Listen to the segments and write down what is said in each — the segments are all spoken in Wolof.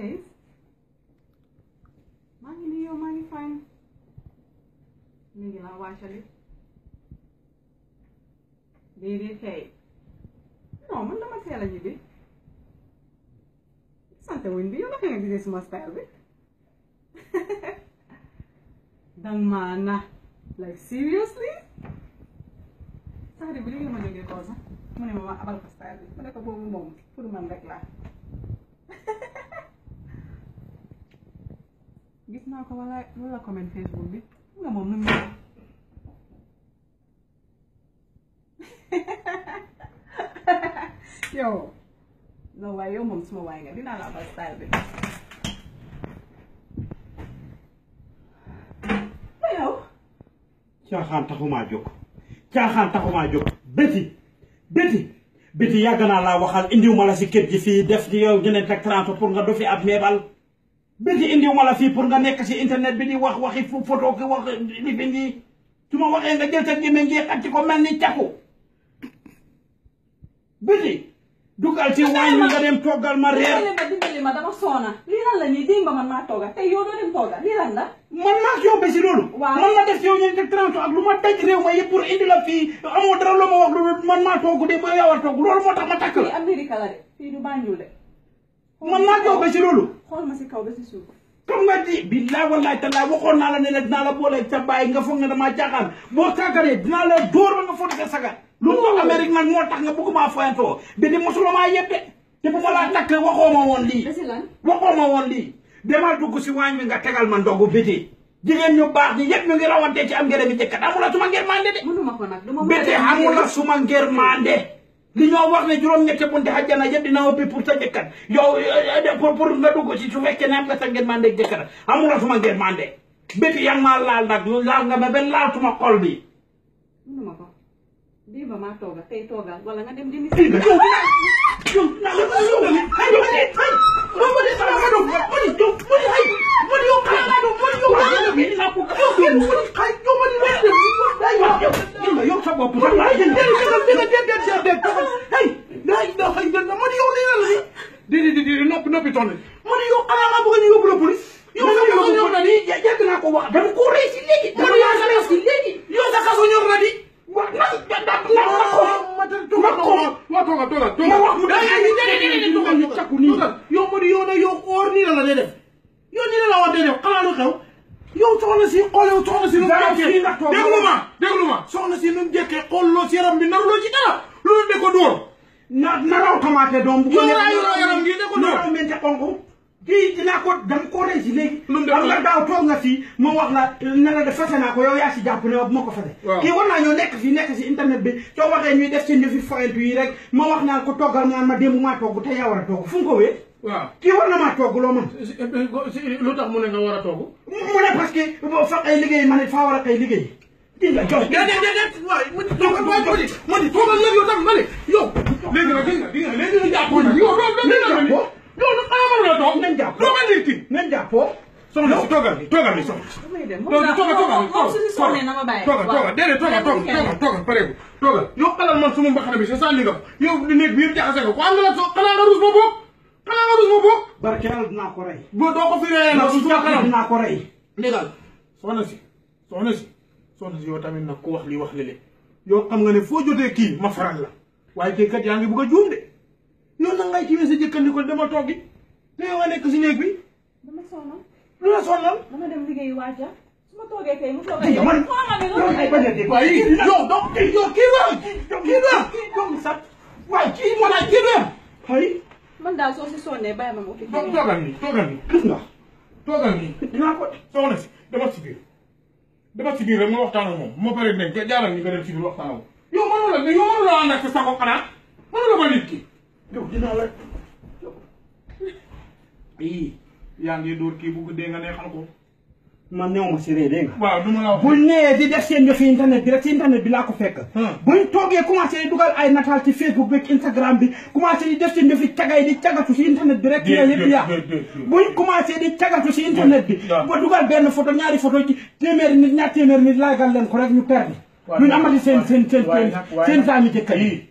says, maa ngi nii fine Mingi lang laa waajali déedéet kay No, man dama teel a ñibbi sant wuñ bi yow naka nga suma style bi dang mana. like seriously sax de bi léegi la ma jógee koo sax abal ka style bi ma ka ko boobu moom pour man rek gis naa ko wala loolu la comment Facebook bi nga moom nu mu yow non waaye yow moom suma waay nga dinaa la abal style bi ma yow caaxaan taxumaa jóg caaxaan taxumaa jóg béti béti béti yàgg naa laa waxal indiw ma la si kër gi fii def di yow ñu ne rek pour nga du fi ab meebal bëgg indi la fi pour nga nekk si internet bi di wax waxi photo ki wax di bindi su ma waxee nga jël ta gémmiñ gi xacc ko melni ni caku bëgg dugal ci waañ mi nga dem togal ma reer ma dindi ma dama sona li lan la ñuy ba man ma toga tey yo do dem toga li lan la man ma ci yobé ci lolu man la def yow ñu def 30 ak luma tej rew ma yépp pour indi la fi amo dara luma wax lu man ma togu de ma yaa togu lolu motax ma tak la amerika la de fii du Banjul de man laa joobee ci loolu. xool ma si kaw ba si suuf. xam nga di billaay wallaay tallaay waxoon naa la ne la dinaa la boole ca bàyyi nga foog ne damaa caaxaan boo saagaree dinaa la dóor ba nga foog sa sagar. lu ma Amérique nag moo tax nga bëgguma foyantoo bi di mosuluma yebbe tegal ma ndogu biti jigéen ñu baax ñi yëpp ñu ngi rawante ci am ngërëmi jëkkat amula suma li ñoo wax ne juróom-ñetti bu nde a jana ubbi pour sa jëkkër yow eh, eh, pour pour nga dugg ci su fekkee ne am nga sa ngërmande jëkkër amulatuma ngërmande béti yaa ngi maa laal nag laal nga ma benn laatuma xol bi. mënuma ko bii ba maa tooga tey toogal wala nga dem dindi. di di di noppi noppi toll ma ne yow xanaa na di yàgg naa ko wax dama ko rëy si léegi dama yaa si léegi yow sa kaso ñor na wa na ma tooga tooga tooga wax mu dañu cakku nii si xool yow soxna si nu déglu ma déglu ma loo de ko dóor na na raw tomate doom. bu ko yaram gi ko raw mente xonq kii dinaa ko dama ko rey si léegi. am nga daaw toog nga fii ma wax la ne la de fase naa ko yow yaa si jàpp bu ma ko fase. kii war naa ñoo nekk fii nekk si internet bi soo waxee ñuy def seen yëfi foyintu yi rek ma wax naa ko toggal naan ma démb maa togg te yaa war a togg fu mu kii war na maa togg loo mën. Eh, eh, lu tax mu ne nga war a togg. mu ne parce que fa ay liggéey ma ne faa war a non léegi nag dégg nga dégg nga léegi ñu jàppoo nag. non non non non xanaa mënuloo toog. nañ jàppoo doo mel ni kii nañ jàppoo. soxna si toogal ni toogal ni soxna. toogal toogal toogal toogal déedéet toogal toogal toogal pareegu toogal. yow alal man suma mbaxana bi sa sànni nga yow di néeg bi yëpp jaxase nga ko am nga la soo xanaa nga rus ma bokk xanaa nga rus ma bokk. barke yàlla dinaa ko rey. boo doo ko fi reyee nag su ma kanam dinaa ko rey. ndégal soxna si soxna si soxna si yow tamit nag ku wax lii wax lële yow xam nga ne foo jotee kii ma faral la waaye tey kat yaa ngi bëgg a juum de loolu nag ngay kiiwee sa jëkkandikoo dama toggi te yow a nekk si néeg bi. dama sonal. lu la sonal. dama dem liggéeyi waaja su ma toogee tey mu toog a. yow man loolu ay bañ a dégg waaye yow donc eh, yow kii la kii la donc sax waaye kii moo laaj kii la ay. man daal soo si sonnee bàyyi ma ma uti. donc toogal nii toogal nii gis nga toogal nii dinaa ko soxna si dama si biir dama si biir rek ma waxtaan ak moom moo paree dinañ jaarale ñu nga dem si biir waxtaan ak moom yow mënuloo la yow mënuloo ànd ak sa sago xanaa mënuloo ba nit ki. yow dinaa la ii yaa ngi dóor kii bu ko. man néew ma si réer dégg nga. waaw du ma la wax. buñ nee di def seen yëf yi internet bi rek si internet bi laa ko fekk. buñ toogee commencé dugal ay nataal ci Facebook bi ak Instagram bi commencé di def seen yëf yi cagay di cagatu si internet bi rek. kii la yëpp yaa buñ commencé di cagatu si internet bi. ba dugal benn photo ñaari photo ci téeméeri nit ñaar téeméeri nit laagal leen ko rek ñu perdre. ñun amati seen seen seen seen saami jëkkër yi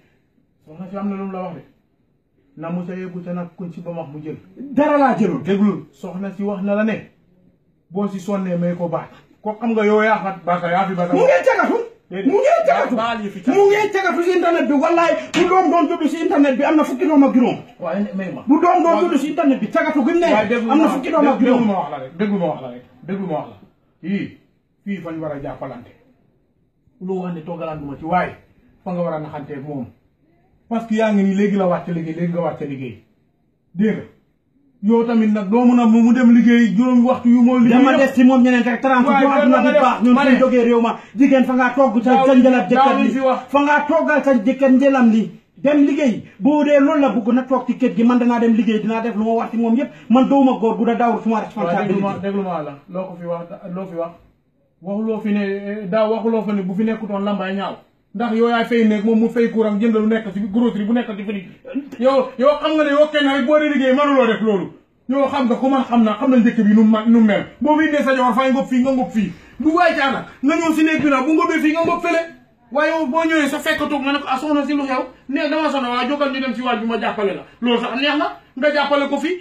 soxna si am na lu mu la wax de na mu sa yëgu sa nag kuñ si ba max mu jël dara laa jëlul déglul soxna si wax na la ne boo si sonnee may ko baat ko xam nga yow yaa xat baata yaa fi baata mu ngeen cagatu mu ngeen cagatu mu ngeen cagatu si internet bi wallaay bu doom doon tudd si internet bi am na fukki doom ak juróom bu doom doon tudd si internet bi cagatu gën ne am na fukki doom ak juróom déglu ma wax la rek déglu ma wax la rek fii fañ war a jàppalante loo xam ne toogalanduma ci waaye fa nga war a naxanteeg moom parce que yaa ngi ni léegi la wàcc liggéey léegi nga wàcc liggéey dégg nga yow tamit nag doo mun a mu dem liggéey juróom waxtu yu moo liggéey dama des moom ñeneen rek trente jours dina bu baax ñun suñ jógee ngaa togg sa sa njëlab jëkkër li fa ngaa toggal sa jëkkër njëlam li dem liggéey boo dee loolu la bëgg na toog ci kër gi man danaa dem liggéey dinaa def lu ma war ci moom yëpp man dowuma góor gu da daawul suma responsabilité déglu ma la loo ko fi wax loo fi wax waxuloo fi ne daaw waxuloo fa ne bu fi nekkutoon lambaay ñaaw ndax yow yaay fay néeg moom mu fay courant jënd lu nekk ci grocerie bu nekk ci yow xam nga ne yow boo dee liggéey mënuloo def loolu xam nga ku xam naa xam na njëkk bi nu boo sa joor fay ngóob fii nga ngóob fii si néeg bi nag bu ngóobee fii nga ngóob fële waaye boo ñëwee sa fekk toog ma ne ko a ah soxna si lu xew ne dama soxna waaye jógal ñu dem si waaj bi ma jàppale la loolu sax neex na nga jàppale ko fi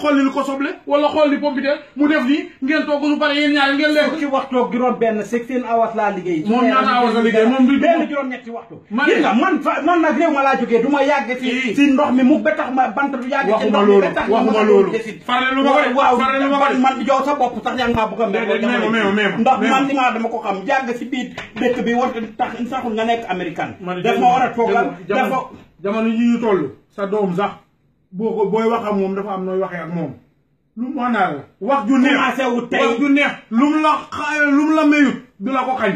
xolli lu ko soble wala xolli pompiter mu def ni ngeen togu su bari yeen ñaar ngeen lekk. ci waxtu ak juróom benn sixteen hours laa liggéey. mom ñaan hours la liggéey moom ben benn juróom ñetti waxto gis nga man man nag rew ma la jógee duma ma ci. ci ndox mi mu ba tax ma bant du yàgg ci ndox mi ba lu ma ko loolu farale lu ma ko waaw man jow sa bop tax yang ma maa bëgg a ndax man di ma dama ko xam yàgg ci biit dekk bi war tax saxul nga nek américain def ma war a def jamono yi ñu tollu sa doom sax boo ko booy wax ak moom dafa am nooy waxee ak moom lu mu wax naa wax ju neex wax ju te lu mu la lu mu la mayut du la ko xañ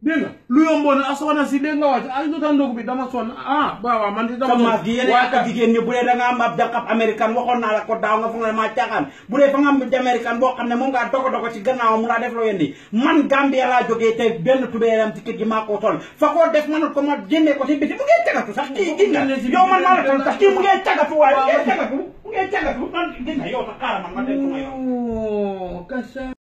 dégg nga lu yomboon a soxna si dégg nga wax ay lu tax ndogu bi dama sonn ah waaw man di dama maas gi yéen ak jigéen ñi bu dee da nga am ab jàqab américaine naa la ko daaw nga foog ne maa caaxaan bu dee fa nga am américaine boo xam ne moom ngaa dogo dogo ci gannaawam mu laa def loo yendi man Gambia laa jógee tey benn tubéeram ci kër gi maa tol fa koo def manut ko ma génnee ko ci biti mu ngee cagatu sax kii gis nga kii mu ngee cagatu waaye mu mu ngee cagatu man man ma def ko